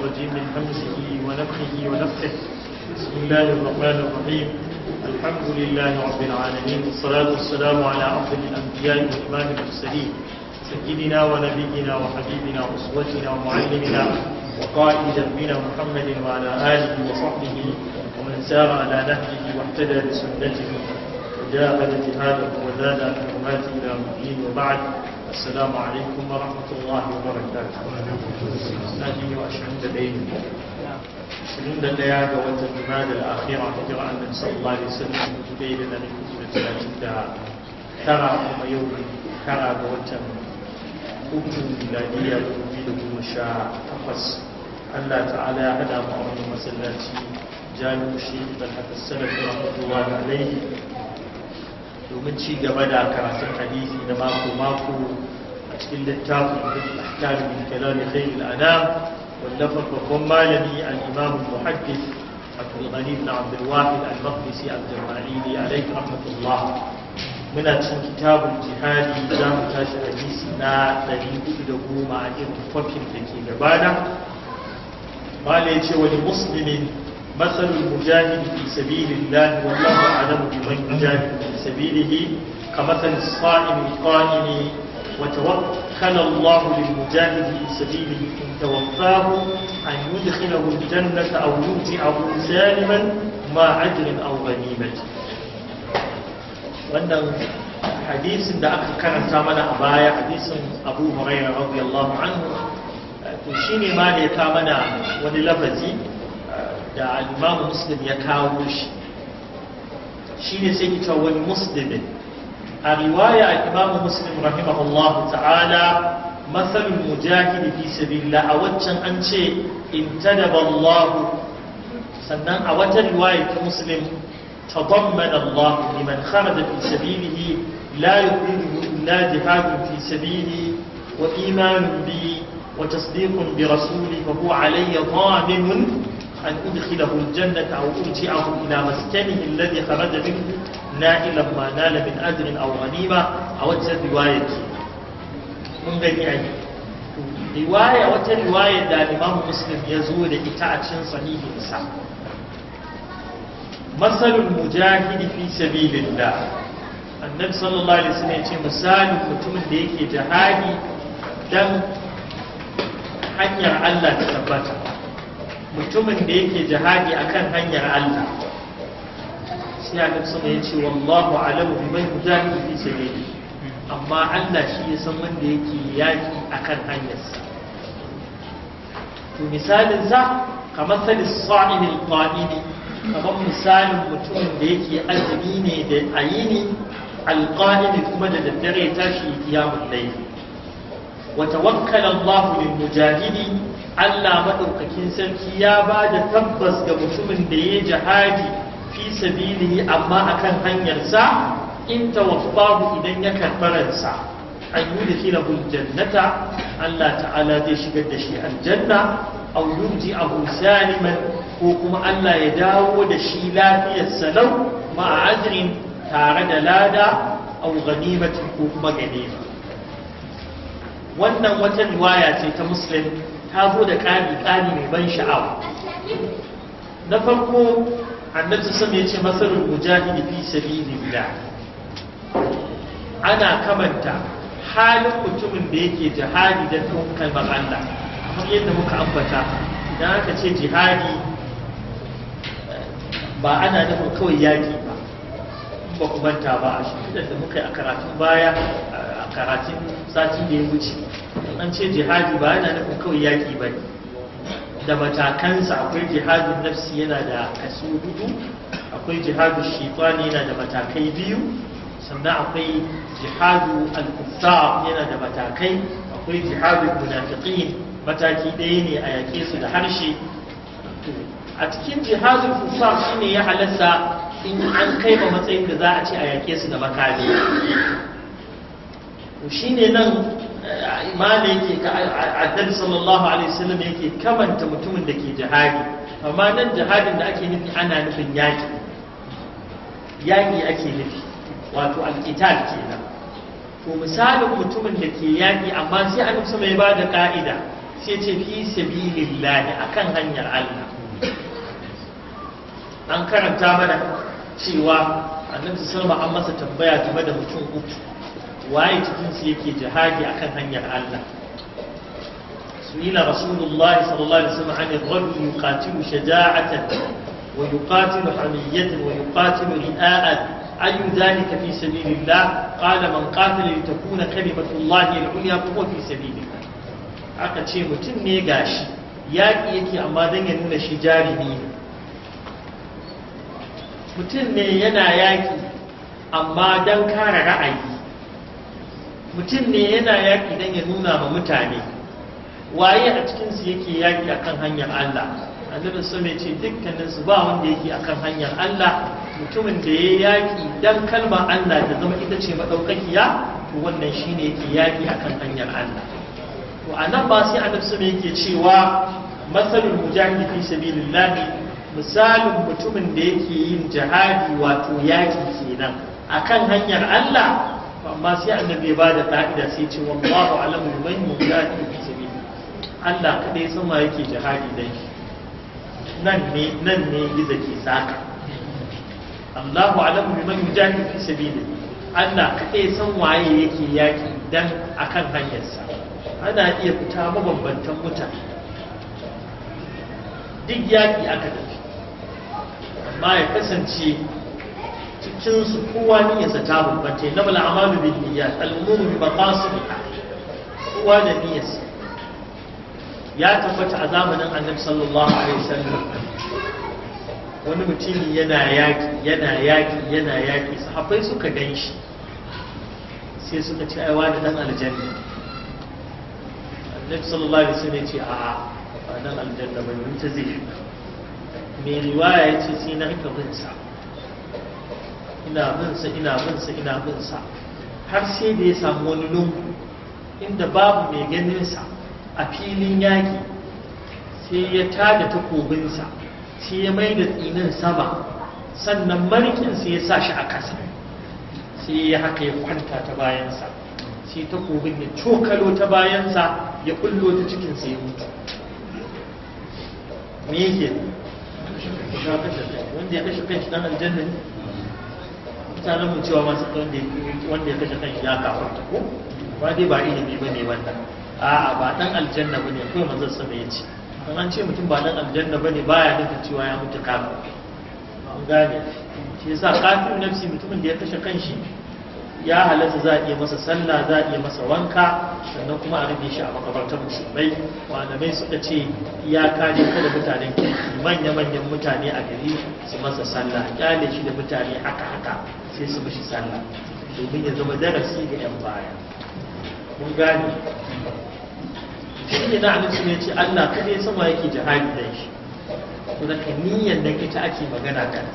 الرجيم من همزه ونفخه ونفخه بسم الله الرحمن الرحيم الحمد لله رب العالمين والصلاة والسلام على أفضل الأنبياء وإمام المرسلين سيدنا ونبينا وحبيبنا وأسوتنا ومعلمنا وقائد ذنبنا محمد وعلى آله وصحبه ومن سار على نهجه واهتدى بسنته وجاهد جهاده وزاد عن حرماته إلى مدين وبعد السلام عليكم ورحمة الله وبركاته أشهد أن لا إله إلا الله وأشهد أن الأخيرة هجرة أن صلى الله عليه وسلم كتير لنا من كتب ثلاثين ترى هم يوم ترى قوات أبن ميلادية تفيد المشاع تقص الله تعالى هدى مؤمن مسلاتي جانب الشيخ بن السلف رحمة الله عليه domin ci gaba da karatun hadisi na mako-mako a cikin littafin al-ahkam min kalam khayr al-anam wanda babban malami al-imam muhaddis Abdul Ghani ibn Abdul Wahid al-Maqdisi al-Jama'ili alayhi rahmatullah muna cikin kitabun jihadi za mu tashi hadisi na 410 a irin fakin da ke gabana bala ya ce wani musulmin مثل المجاهد في سبيل الله والله أعلم بمن يجاهد في سبيله كمثل الصائم القائم وتوكل الله للمجاهد في سبيله إن توفاه أن يدخله الجنة أو يمتعه سالما ما عدل أو غنيمة wannan hadisin da aka karanta mana a baya hadisin abu hurairah radiyallahu anhu to shine ma da ya ta mana wani lafazi da alimamu muslim ya kawo shi shine sai ki cewa wani muslimin a riwaya imamu muslim rahimahullahu ta'ala مثل المجاهد في سبيل الله أوجن أن شيء انتدب الله سنن أوجه رواية مسلم تضمن الله لمن خرج في سبيله لا يقوله إلا جهاد في سبيله وإيمان بي وتصديق برسولي فهو علي ضامن an udkhilahu aljannata aw uti'ahu ila maskanihi alladhi kharaja min na'ilan ma nala min ajrin aw ghanima aw wajhat riwayati mun gani ai riwaya wata riwaya da imamu muslim ya zo da ita a cikin sahihi sa masalul mujahid fi sabilillah annabi sallallahu alaihi wasallam ya ce misalin mutumin da yake jihadi dan hanyar Allah ta tabbata mutumin da yake jihadi akan hanyar Allah sai a nan ya ce wallahu alamu man jahidi fi sabili amma Allah shi ya san wanda yake yaƙi akan hanyarsa to misalin za kamar sali sa'in al kamar misalin mutumin da yake azumi ne da ayini al kuma da daddare ya tashi kiyamul laifi, wa tawakkala Allah lil mujahidi Allah maɗaukakin sarki ya ba da tabbas ga mutumin da ya jihadi fi sabilihi amma akan hanyarsa in tawaffahu idan ya karbaransa an yi da filahu jannata Allah ta'ala zai shigar da shi aljanna aw yurji abu saliman ko kuma Allah ya dawo da shi lafiyar salau ma'a ajrin tare da lada aw ganimatin ko kuma ganima wannan wata riwaya ce ta musulmi. ta da ƙani ƙani mai ban sha'awa na farko annabi sam ya ce masarar mujahidi fi sabilillah ana kamanta halin mutumin da yake jihadi da kalmar Allah kamar yadda muka ambata idan aka ce jihadi ba ana nufin kawai yaki ba ba ku manta ba a shi da muka yi a karatun baya a karatun sati da ya wuce an ce jihadi ba yana nufin kawai yaƙi ba ne da matakansa akwai jihadin nafsi yana da kaso hudu akwai jihadu shekwani yana da matakai biyu sannan akwai jihadu al yana da matakai akwai jihadu munafiqin mataki ɗaya ne a yaƙe su da harshe a cikin jihadu kuffar shine ya halasta in an kai ba matsayin da za a ce a yaƙe su da makami to shine nan imani yake ka addan sallallahu alaihi wasallam yake kamanta mutumin da ke jihadi amma nan jihadin da ake nufi ana nufin yaki yaki ake nufi wato alqital kenan to misalin mutumin da ke yaki amma sai an sama ba bada ka'ida sai ce fi sabilillahi akan hanyar Allah an karanta mana cewa annabi sallallahu alaihi wasallam an masa tambaya game da mutum uku waye cikinsu yake jihadi akan hanyar Allah su ila rasulullahi sallallahu alaihi wasallam an yadda rabbi yuqatilu shaja'atan wa yuqatilu hamiyatan wa yuqatilu ri'a'an ayu dhalika fi sabilillah qala man qatala li takuna kalimatullahi al-ulya fa fi sabilillah aka ce mutum ne gashi yaki yake amma dan ya nuna shi jarimi ne mutum ne yana yaki amma dan kare ra'ayi mutum ne yana yaƙi don ya nuna ma mutane waye a cikinsu yake yaƙi akan hanyar Allah annabin so mai ce dukkanin su ba wanda yake akan hanyar Allah mutumin da ya yaƙi don kalmar Allah da zama ita ce maɗaukakiya, to wannan shi ne yake yaƙi akan hanyar Allah to a nan ba sai annabin so mai yake cewa matsalin mujahid fi sabilillah misalin mutumin da yake yin jihadi wato yaƙi kenan akan hanyar Allah amma sai annabi ya ba da ta'ida sai ce wallahu alamu man yujahid fi sabili Allah kadai sama yake jihadi dai nan ne nan ne gida ke saka Allahu alamu man yujahid fi sabili Allah kadai san waye yake yaki dan akan hanyarsa ana iya fita mabambantan mutane duk yaki aka tafi amma ya kasance cikin su kowa niyyarsa ta bambance na bala amalu bin niyyar al'ummu bi maqasid kowa da niyyarsa ya tabbata a zamanin annabi sallallahu alaihi wasallam wani mutum yana yaki yana yaki yana yaki sahabbai suka ganshi sai suka ce aiwa da dan aljanna annabi sallallahu alaihi wasallam ya ce a'a ba dan aljanna ba mun ta zai me riwaya ya ce sai na rika bin sa ina bin sa, ina bin sa, ina bin sa. har sai da ya samu wani lungu inda babu mai sa a filin yaki, sai ya tada takobinsa sai ya mai da tsinin sama sannan marikinsa ya sa shi a ƙasa sai ya haka ya kwanta ta bayansa sai takobin ya cokalo ta bayansa ya kullo ta cikinsa ya mutu me yake wanda ya kashe kanshi dan aljanna ne mutanen mu cewa masu wanda ya kashe kanshi ya kafarta ko ba dai ba ilimi ba ne wannan a'a ba dan aljanna ba ne kawai manzon zan ya ce in an ce mutum ba dan aljanna ba ne baya nufin cewa ya mutu kafin an gane shi yasa kafin nafsi mutumin da ya kashe kanshi ya halatta za a iya masa sallah za a iya masa wanka sannan kuma a rufe shi a makabartar musulmai malamai suka ce ya kare kada mutanen kirki manya-manyan mutane a gari su masa sallah kyale shi da mutane haka haka sai su mishi sallah domin ya zama darasi ga 'yan baya mun gane shi na alisu ya ce allah kada ya sama yake jihadi da shi kuma ka niyyar da ita ake magana kan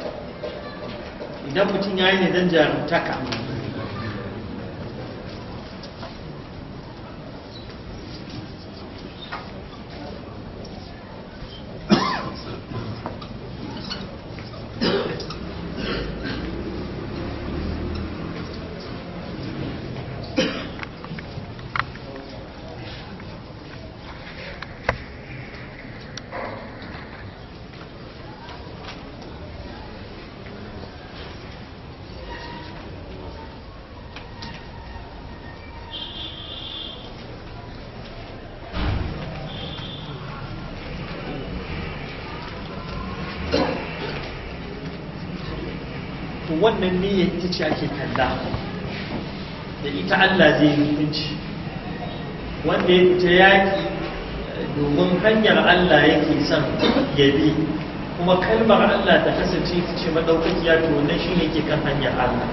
idan mutum ya yi ne don jarumtaka to wannan niyyar ita ce ake kalla da ita Allah zai hukunci wanda ya fita yaƙi domin hanyar Allah yake son ya bi kuma kalmar Allah ta kasance ita ce ya to wannan shi ne ke kan hanyar Allah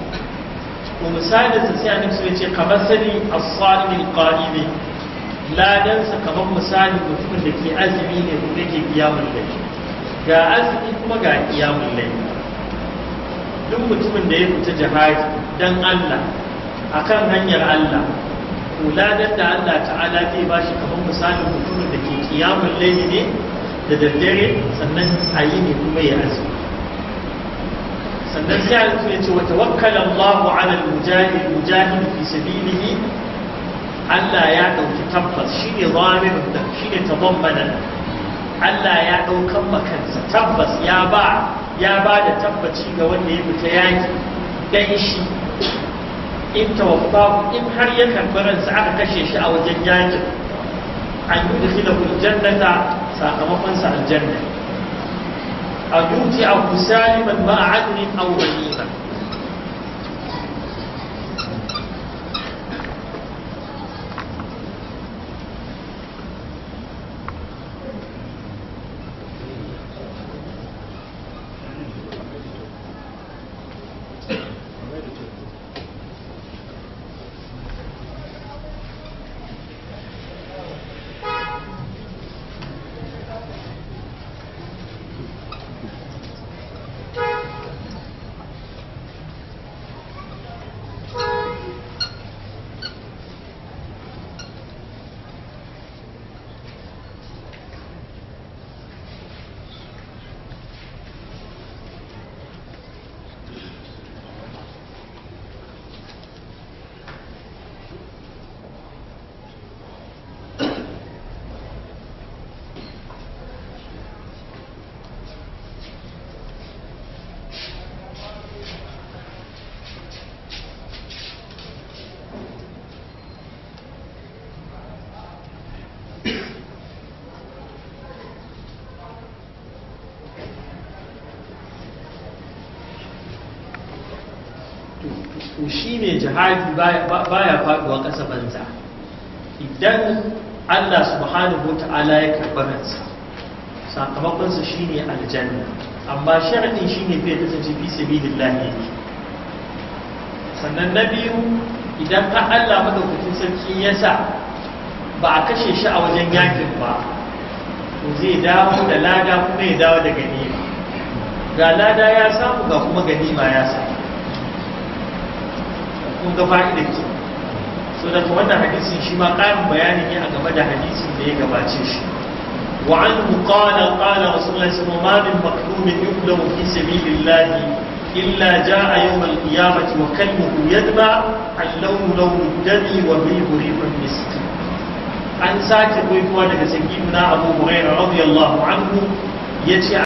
ko misalin sa sai annabi sai ce kamar sani as-salim al-qalimi ladan sa kamar misalin mutumin da ke azumi ne kuma yake kiyamul layl ga azumi kuma ga kiyamul layl duk mutumin da ya fita jihadi dan Allah akan hanyar Allah kuladar da Allah ta'ala zai ba shi kamar misalin mutumin da ke kiyamun laili ne da daddare sannan a yi ne kuma ya azumi sannan sai Allah ya ce wata tawakkala Allahu 'ala al-mujahid mujahid fi sabilihi Allah ya dauki tabbas shi ne zamirin da shine tabammana Allah ya daukan makansa tabbas ya ba ya ba da tabbaci ga wanda ya fita yaki dan shi in tawaffa in har ya karɓi ransa aka kashe shi a wajen yakin an yi da fila jannata sakamakon sa aljanna a yuti a kusali man ba a adnin aw ghaniman Shin shi ne jihadi baya faduwa ƙasa banza idan Allah subhanahu ta'ala ya karɓi ransa sakamakonsa shine aljanna amma sharaɗin shine ta kasance fi sabilillah lahiri sannan na biyu idan ka Allah madaukakin sarki ya sa ba a kashe shi a wajen yakin ba to zai dawo da lada kuma ya dawo da ganima ga lada ya samu ga kuma ganima ya samu kun ga fa'idar shi so da kuma hadisin shi ma ƙarin bayanin ne a game da hadisi da ya gabace shi wa an qala qala rasulullahi sallallahu alaihi wasallam ma min maqtum yuqlamu fi sabilillahi illa jaa yawm al-qiyamati wa kalbuhu yadba al-lawn lawn dami wa bi burifin misk an sake kuma daga sahihi na abu hurairah radiyallahu anhu yace